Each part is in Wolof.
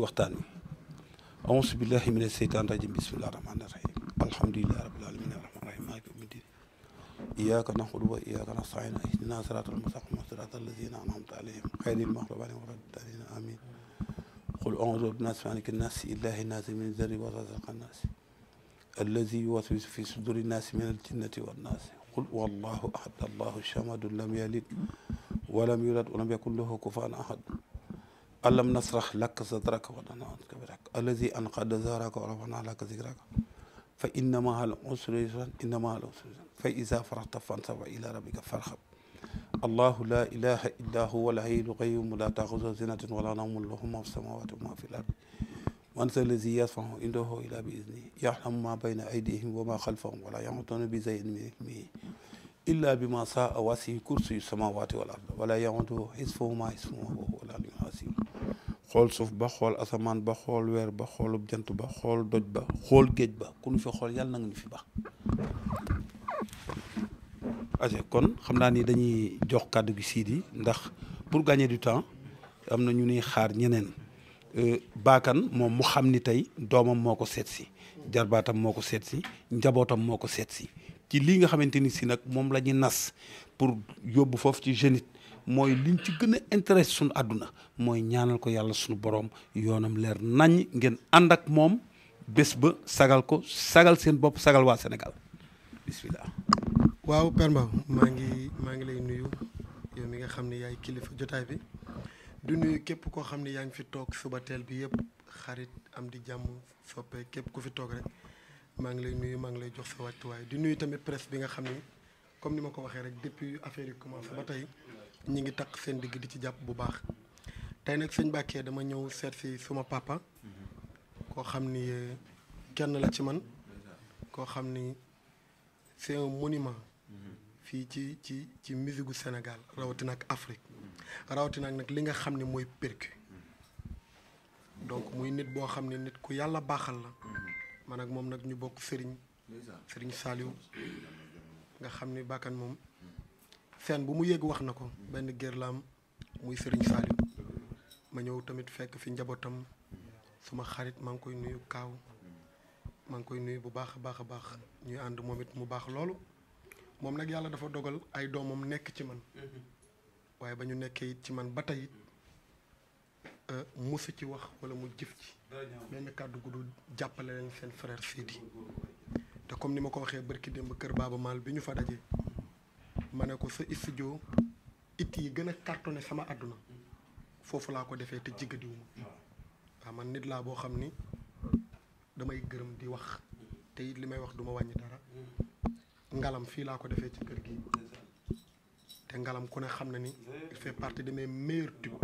waxtaan wi auzu billahi mina seytaan rajim bismillahi rahmaani rahim alhamdulillahi rabbil alamin arrahmaani rahim maaliki yawmi ddin iyyaka na'budu wa iyyaka nasta'iin ihdina siraatal mustaqiim siraatal laziina an'amta alayhim ghayril maghduubi alayhim wa lad-daalliin amiin qul auzu bi-nnaasi maaliki nnaasi ilaahi nnaasi min sharri waswaasi xannaasi allazi yuwaswisu fi suduuri nnaasi minal jinnati wan-naasi qul huwallaahu ahad allaahu samad lam yalid wa lam yuulad wa lam yakun lahu kufuwan ahad alam nasrah laka sadraka wa wadana anka birak allazi anqada zahraka wa rafana laka zikraka fa inna ma'al usri yusran inna ma'al usri yusran fa iza farahta fansab ila rabbika farhab allahu la ilaha illa huwa al-hayyul qayyum la ta'khudhuhu sinatun wa la nawmun lahu ma fi samawati wa ma fi al-ard man za allazi yashfa'u indahu illa bi idhnihi ya'lamu ma bayna aydihim wa ma khalfahum wa la yahituna bi shay'in min ilmihi illa bima sha'a wasi'a kursiyyuhu as-samawati wal-ard wa la ya'uduhu hifdhuhuma wa huwa al-'aliyyul 'azim xool suuf ba xool asamaan ba xool weer ba xoolu jant ba xool doj ba xool géej ba ku nu fi xool yàlla na nga ñu fi ba aje kon xam naa ni dañuy jox kàddu gi Sidi ndax pour gagner du temps am na ñu nuy xaar ñeneen euh, baakan moom mu xam ni tey doomam moo ko seet si jarbaatam moo ko seet si njabootam moo ko seet si ci lii nga xamante ni si nag moom la ñuy nas pour yóbbu foofu ci jeunit mooy liñ ci gën a intéressé suñu àdduna mooy ñaanal ko yàlla suñu borom yoonam leer nañ ngeen ànd ak moom bés ba sagal ko sagal seen bopp sagal waa Sénégal bismillah waaw Père Mbaw maa ngi maa ngi lay nuyu yow mi nga xam ne yaay kilifa jotaay bi du nuyu képp koo xam ne yaa ngi fi toog suba teel bi yëpp xarit am di jàmm soppe képp ku fi toog rek maa ngi lay nuyu maa ngi lay jox sa wàccuwaay di nuyu tamit presse bi nga xam ni comme ni ma ko waxee rek depuis affaire yi commencé ba tey ñi ngi takk seen digg di ci jàpp bu baax tey nag sëñ Bakke dama ñëw seet si suma papa koo xam ni eh, kenn la ci man koo xam ni c'est un monument fii ci ci ci musique gu Sénégal rawatina ak Afrique rawatina nag li nga xam ne mooy percu donc muy nit boo xam ne nit ku yàlla baaxal la man ak moom nag ñu bokk Serigne Serigne Saliou nga xam ni bàkkan moom seen bu mu yéeg wax na ko benn gérlaam muy Serigne Saliou ma ñëw tamit fekk fi njabootam suma xarit maa ngi koy nuyu kaaw maa ngi koy nuyu bu baax a baax a baax ñuy ànd moom it mu baax loolu moom nag yàlla dafa dogal ay doomam nekk ci man waaye ba ñu nekkee ci man ba tey it euh, musu ci wax wala mu jëf ci benn kàddu gu jàppale leen seen frère Sidi te comme ni ma ko waxee barki démb kër Baaba Maal bi ñu fa dajee ma ne ko sa studio it yi gën a cartonné sama àdduna foofu laa ko defee te jigadiwuma waaw man nit laa boo xam ni damay gërëm di wax te it li may wax duma wàññi dara ngalam fii laa ko defee ci kër gi te ngalam ku ne xam na ni fait partie de mes meilleurs tubes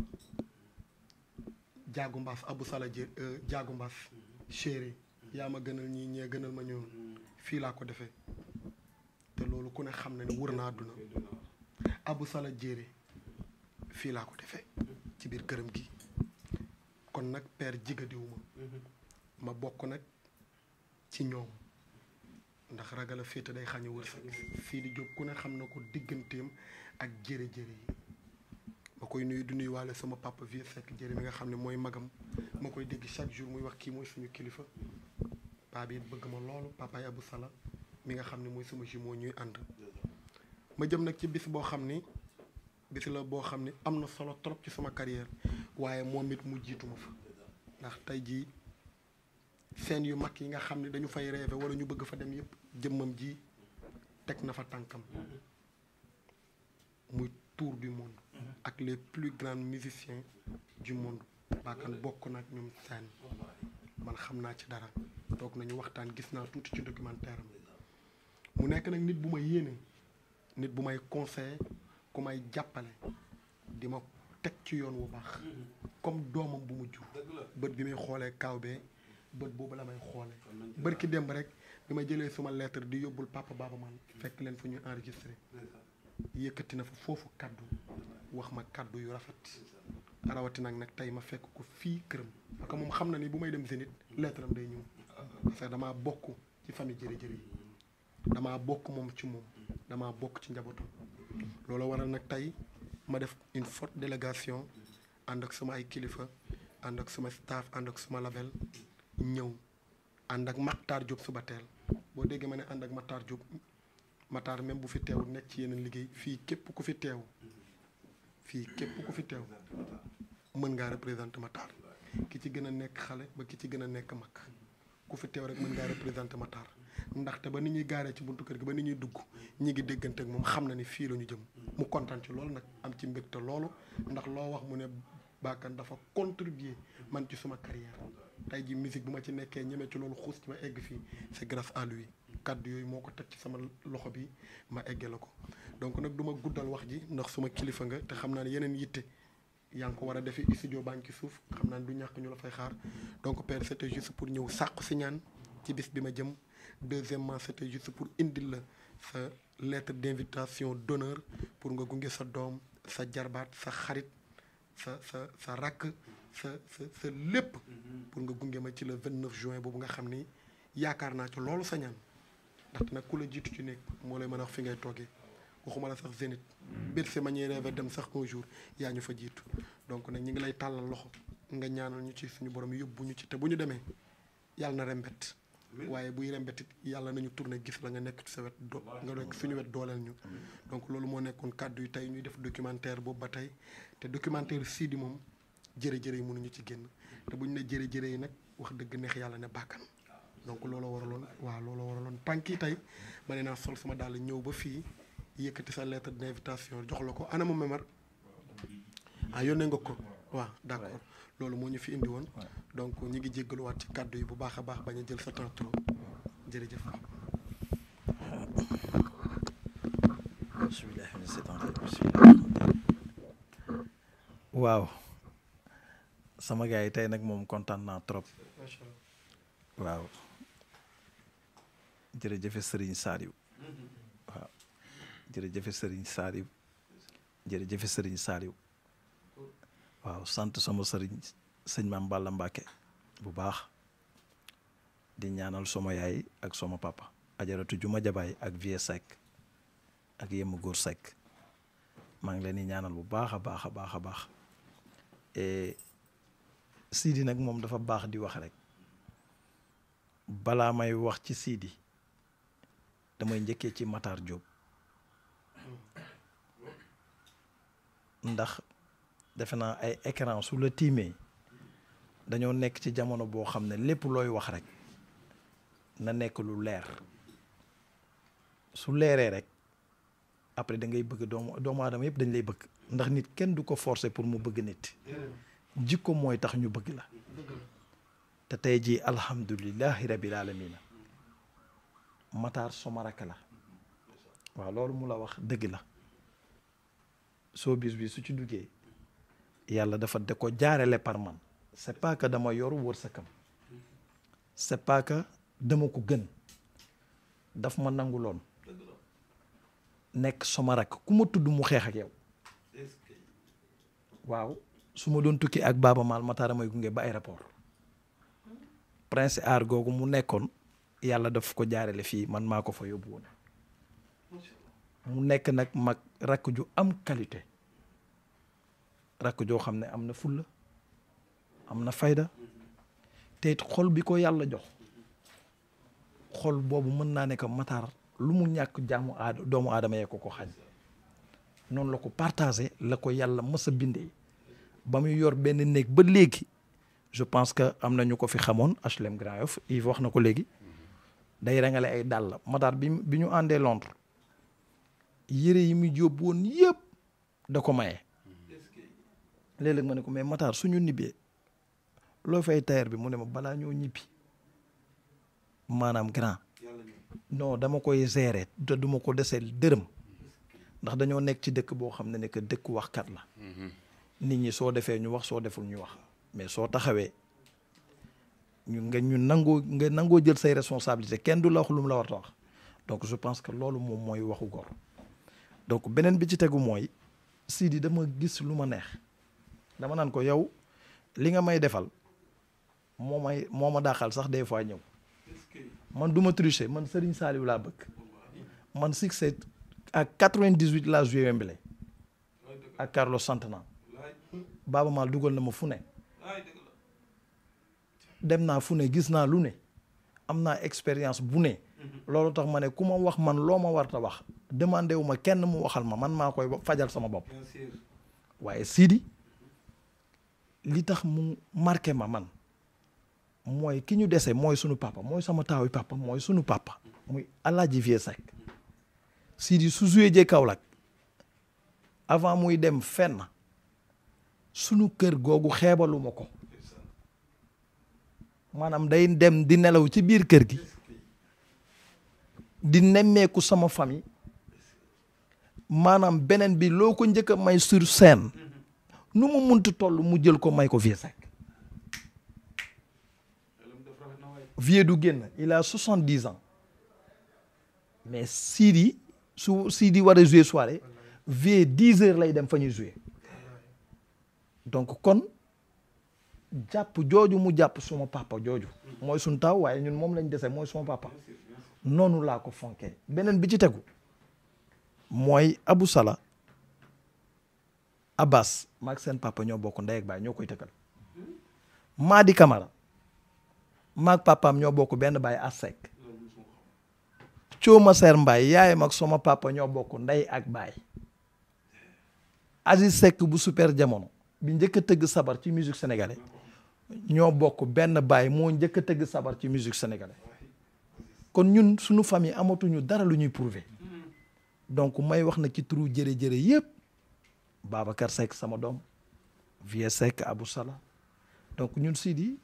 jaagu mbaas abu sala jé euh, jaagu mbaas chéri yaa ma gënal ñii ñee gënal ma ñëw fii laa ko defee loolu ku ne xam ne ne wër naa àdduna Abou Sala jéere fii laa ko defe ci biir këram gi kon nag père jigadiwuma ma bokk nag ci ñoom ndax ragal a féete day xañu wërsëg fii di jóg ku ne xam na ko digganteem ak jëre jëre yi ma koy nuyu du nuyu waale sama papa vie fekk jëre mi nga xam ne mooy magam ma koy dégg chaque jour muy wax kii mooy suñu kilifa paa bi bëgg ma loolu papaay Abou Sala mi nga xam ne mooy suma jumeau ñuy ànd ma jëm nag ci bis boo xam ni bis la boo xam ni am na solo trop ci sama carrière waaye moom it mu jiituma ma fa ndax tey jii seen yu mag yi nga xam ni dañu fay rêvé wala ñu bëgg fa dem yëpp jëmmam ji teg na fa tànkam muy tour du monde ak les plus grands musiciens du monde baakan bokk na ak ñoom seen man xam naa ci dara toog nañu waxtaan gis naa tuuti ci documentaire am mu nekk nag nit bu ma yéene nit bu may conseillé ku may jàppale di ma teg ci yoon wu baax mm-hmm. comme doomam bu mu jur bët bi muy xoolee kaaw bee bët boobu la may xoole xoolee bërki démb rek bi ma jëlee suma lettre di yóbbul papa baaba man mm-hmm. fekk leen fu ñu enregistré yëkkati na fa foofu kàddu wax ma kàddu yu rafet rawatina nag tey ma fekk ko fii këram parce moom xam na ni bu may dem Zénith mm-hmm. lettre am day ñëw ah. parce dama bokk ci famille jëri-jëri yi damaa bokk moom ci moom damaa bokk ci njabootam loolu waral nag tey ma def une forte délégation ànd ak sama ay kilifa ànd ak sama staff ànd ak sama label ñëw ànd ak Matar Diop suba teel boo déggee ma ne ànd ak Matar Diop Matar même bu fi teewu nekk ci yeneen liggéey fii képp ku fi teew fii képp ku fi teew mën ngaa ma Matar ki ci gën a nekk xale ba ki ci gën a nekk mag ku fi teew rek mën ngaa représenté Matar ndaxte ba ni ñuy gaaree ci buntu kër gi ba ni ñuy dugg ñi ngi déggante ak moom xam na ni fii la ñu jëm mu kontaan ci loolu nag am ci mbégte loolu ndax loo wax mu ne Bakane dafa contribuer man ci suma carrière tey ji musique bu ma ci nekkee ñeme ci loolu xuus ci ma egg fii c'est grâce à wi kàddu yooyu moo ko teg ci sama loxo bi ma egge la ko donc nag duma ma guddal wax ji ndax suma kilifa nga te xam naa ne yeneen yitte yaa ngi ko war a defee studio baa ngi suuf xam naa du ñàkk ñu la fay xaar donc père c'était juste pour ñëw sàqu si ñaan ci bis bi ma jëm deuxièmement c'était juste pour indil la sa lettre d'invitation d'honneur pour nga gunge sa doom sa jarbaat sa xarit sa sa sa rakk sa sa sa lépp pour nga gunge ma ci le 29 juin boobu nga xam ni yaakaar naa ci loolu sa ñaan ndaxte nag ku la jiitu ci nekk moo lay mën a wax fi ngay toogee waxuma la sax Zénith Bercy ma ñuy rêvé dem sax un jour yaa ñu fa jiitu donc nag ñu ngi lay tàllal loxo nga ñaanal ñu ci suñu borom yóbbu ñu ci te bu ñu demee yàlla na rembet waaye buy rembetit yàlla nañu tourné gis la nga nekk ci sa wet do nga nekk suñu wet dooleel ñu donc loolu moo nekkoon kàddu yi tey ñuy def documentaire boobu ba tey te documentaire Sidy moom jërë-jërë yi mënuñu ci génn te bu ñu ne jërë-jërë yi nag wax dëgg neex yàlla ne bàkkan donc looloo waraloon waaw looloo waraloon tànk yi tey ne naa sol sama daal ñëw ba fii yëkkati sa lettre d'invitation jox la ko anamu memar ah yónnee nga ko waaw d'accord loolu moo ñu fi indi woon donc ñu ngi jéggaluwaat ci kàddu yi bu baax a baax bañ a jël sa temps trop jërëjëf. waaw sama gars yi tey nag moom kontaan naa trop waaw jërëjëf Serigne jërëjëf sëriñ Saliou jërëjëf sëriñ Saliou waaw sant sama sëriñ sëñ maam Balla Mbacke bu baax di ñaanal sama yaay ak sama papa. ajaratu juma jabaay ak vie sec ak yemu góor sec maa ngi leen di ñaanal bu baax a baax a baax a baax e, Sidi nag moom dafa baax di wax rek balaa may wax ci Sidi damay njëkkee ci Matar Diop. ndax defe naa ay écran su la tiimee dañoo nekk ci jamono boo xam ne lépp looy wax rek na nekk lu leer su leeree rek après da ngay bëgg doomu doomu aadama yëpp dañ lay bëgg ndax nit kenn du ko forcer pour mu bëgg nit jikko mooy tax ñu bëgg la te tey jii alhamdulilahi rabil alamina Matar sama rakk la waaw loolu mu la wax dëgg la showbiz bi su ci duggee yàlla dafa da ko jaarale par man c'est pas que dama yor wërsëgam c'est pas que dama ko gën daf ma nanguloon nekk sama rakk ku ma tudd mu xeex ak yow waaw su ma doon tukki ak Baaba Maal Mataara may gunge ba aéroport Prince Aar googu mu nekkoon yàlla daf ko jaarale fii man maa ko fa yóbbu woon mu nekk nag mag rakk ju am qualité rakk joo xam ne am na fulla am na fayda te it xol bi ko yàlla jox xol boobu mën naa ne ko Matar lu mu ñàkk jaamu aada doomu aadama yee ko ko xañ noonu la ko partagé la ko yàlla mës a bindee ba muy yor benn néeg ba léegi je pense que am na ñu ko fi xamoon HLM Grand Yoff Yves wax na ko léegi day rangale ay dàll Matar bi bi ñu àndee Londres yére yi muy jóob woon yëpp da ko maye. léeg-léeg ma ne ko mais Matar suñu nibbee loo fay tailleur bi mu ne ma balaa ñoo ñibbi maanaam grand non dama koy gérer te duma ko deseel dërëm ndax dañoo nekk ci dëkk boo xam ne ne que dëkk waxkat la mhm. nit ñi soo defee ñu wax soo deful ñu wax mais soo taxawee ñu nga ñu nangoo nga nangoo jël say responsabilité kenn du la wax lu mu la war wax donc je pense que loolu moom mooy waxu gor donc beneen bi ci tegu mooy Sidi dama gis lu ma neex dama naan ko yow li nga may defal moo may moo ma daaxal sax des fois ñëw man du ma tricher man Serigne Saliou laa bëgg man succès à 98 laa joué Wembley ak Carlos Santana Baaba Maal dugal na ma fu ne dem naa fu ne gis naa lu ne am naa expérience bu ne Mm-hmm. loolu tax ma ne ku ma wax man loo ma warta wax demandé wu ma kenn mu waxal ma man maa koy fajal sama bopp waaye Sidi li tax mu marqué ma man mooy ki ñu dese mooy sunu papa mooy sama taawi papa mooy sunu papa muy Alaaji Vieux Seck Sidi su suyee jee Kaolack avant muy dem fenn sunu kër googu xeebaluma ko maanaam day dem di nelaw ci biir kër gi di nemmeeku sama famille maanaam beneen bi loo ko njëkk may sur scène nu mu muntu toll mu jël ko may ko Vieux Seck Vieux du génn il a soixante dix ans mais Sidi su di war a jouer soirée Vieux dix heure lay dem fa ñu jouer donc kon jàpp jooju mu jàpp suma papa jooju mooy suñ taw waaye ñun moom lañ dese mooy suma papa noonu laa ko fonkee beneen bi ci tegu mooy Abou Salah Abbas maag seen papa ñoo bokk ndey ak baay ñoo koy tëkkal Madi Camara maag papaam ñoo bokk benn baay asek Cooma Seer Mbaay yaayam ak sama papa ñoo bokk nday ak baay Aziz Seck bu super jamono bi njëkk tëgg sabar ci musique sénégalais ñoo bokk benn baay moo njëkk tëgg sabar ci musique sénégalais kon ñun suñu famille amatuñu dara lu ñuy prouver donc may wax na ci turu jërë-jërë yëpp Babacar Seck sama doom Vieux Seck Abou Sala donc ñun Sidi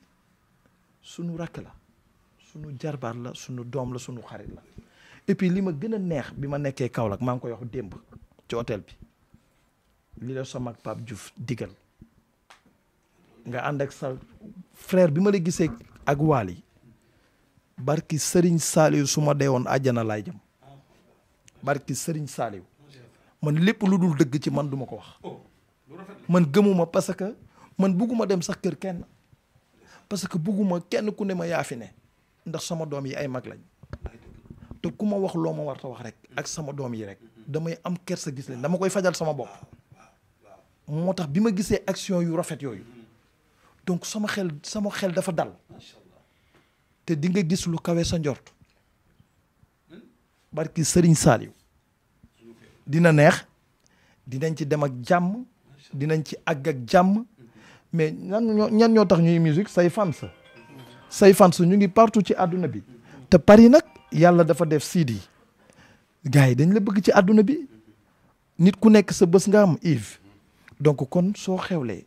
sunu rakk la sunu jarbaar la suñu doom la suñu xarit la et puis li ma gën a neex bi ma nekkee Kaolack maa ngi koy wax démb ci hôtel bi li la ak Pape Diouf digal nga ànd ak sa frère bi ma la gisee ak yi barki sëriñ saaliw su ma dee woon àjjana laay jëm barki sëriñ saaliw man lépp lu dul dëgg ci man duma ko wax man gëmuma parce que man bugguma dem sax kër kenn parce que bugguma kenn ku ne ma yaa fi ne ndax sama doom yi ay mag lañ te ku ma wax loo ma warta wax rek ak sama doom yi rek damay am kersa gis leen dama koy fajal sama bopp moo tax bi ma gisee action yu rafet yooyu donc sama xel sama xel dafa dal te dinga gis lu kawe sa njort barki Serigne Saliou dina neex dinañ ci dem ak jàmm dinañ ci àgg ak jàmm mais ñan ñoo tax ñuy musique say fans say fans ñu ngi partout ci àdduna bi te Paris nag yàlla dafa def CD gars yi dañ la bëgg ci àdduna bi nit ku nekk sa bës nga am Yves donc kon soo xewlee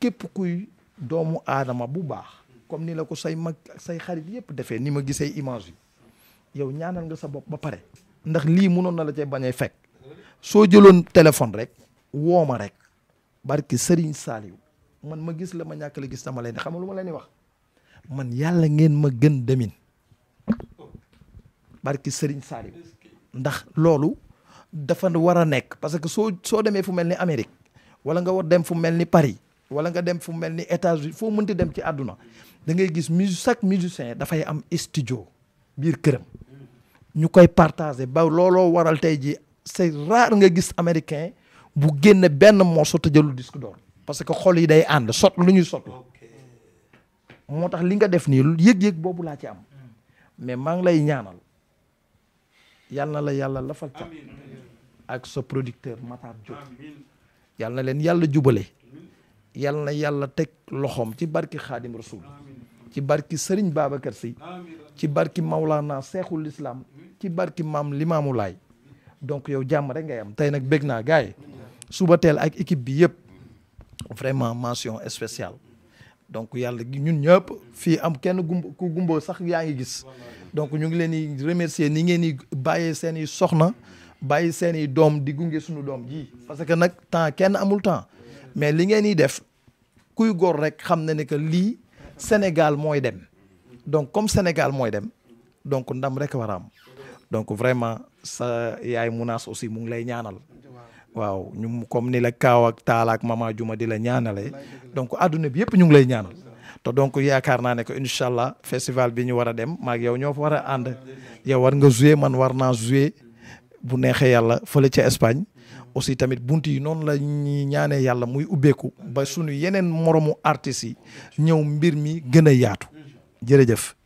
képp kuy doomu aadama bu baax comme nii la ko say mag say xarit yëpp defee nii ma gisee image yow ñaanal nga sa bopp ba pare ndax lii munoon na la cee bañee fekk soo jëloon téléphone rek woo ma rek barki sëriñ Saliou man ma gis la ma ñàkk la gis dama leen di xam lu ma leen di wax man yàlla ngeen ma gën demin barki sëriñ Saliou ndax loolu dafa war a nekk parce que soo soo demee fu mel ni Amérique wala nga war dem fu mel ni Paris wala nga dem fu mel ni États-Unis foo mënti dem ci adduna da ngay gis mus chaque musicien dafay am studio biir këram ñu koy partager ba looloo waral tey ji c'est rare nga gis américain bu génn benn moo te jëlul disque d'or parce que xol yi day ànd sot lu ñuy sot moo tax li nga def nii yëg-yëg boobu laa ci am mais maa ngi lay ñaanal yal na la yàlla lafal cat ak sa producteur Matar Diop yal na leen yàlla jubale yal na yàlla teg loxoom ci barki xaadim rasul ci barki sëriñ Babacar Sy ci barki Maulana seexul islam ci barki maam Limaamu Laay donc yow jàmm rek ngay am tey nag bég naa gars suba teel ak équipe bi yëpp vraiment mention spéciale donc yàlla ñun ñëpp fii am kenn gumb ku gumboo sax yaa ngi gis donc ñu ngi leen di remercier ni ngeen di bàyyee seen i soxna bàyyi seen i doom di gunge suñu doom ji parce que nag temps kenn amul temps mais li ngeen nii def kuy góor rek xam na ne que lii Sénégal mooy dem donc comme Sénégal mooy dem donc ndam rek war a am donc vraiment sa yaay Mounass aussi mu ngi lay ñaanal waaw ñu comme ni la Kaaw ak Taala ak Mama Juma di la ñaanalee donc adduna bi yëpp ñu ngi lay ñaanal te donc yaakaar naa ne que incha allah festival bi ñu war a dem maag yow ñoo fa war a ànd yow war nga jouer man war naa jouer bu neexee yàlla fële ci Espagne. aussi tamit bunt yi noonu la ñuy ñaanee yàlla muy ubbeeku ba suñu yeneen moromu artistes yi ñëw mbir mi gën a yaatu mm-hmm. jërëjëf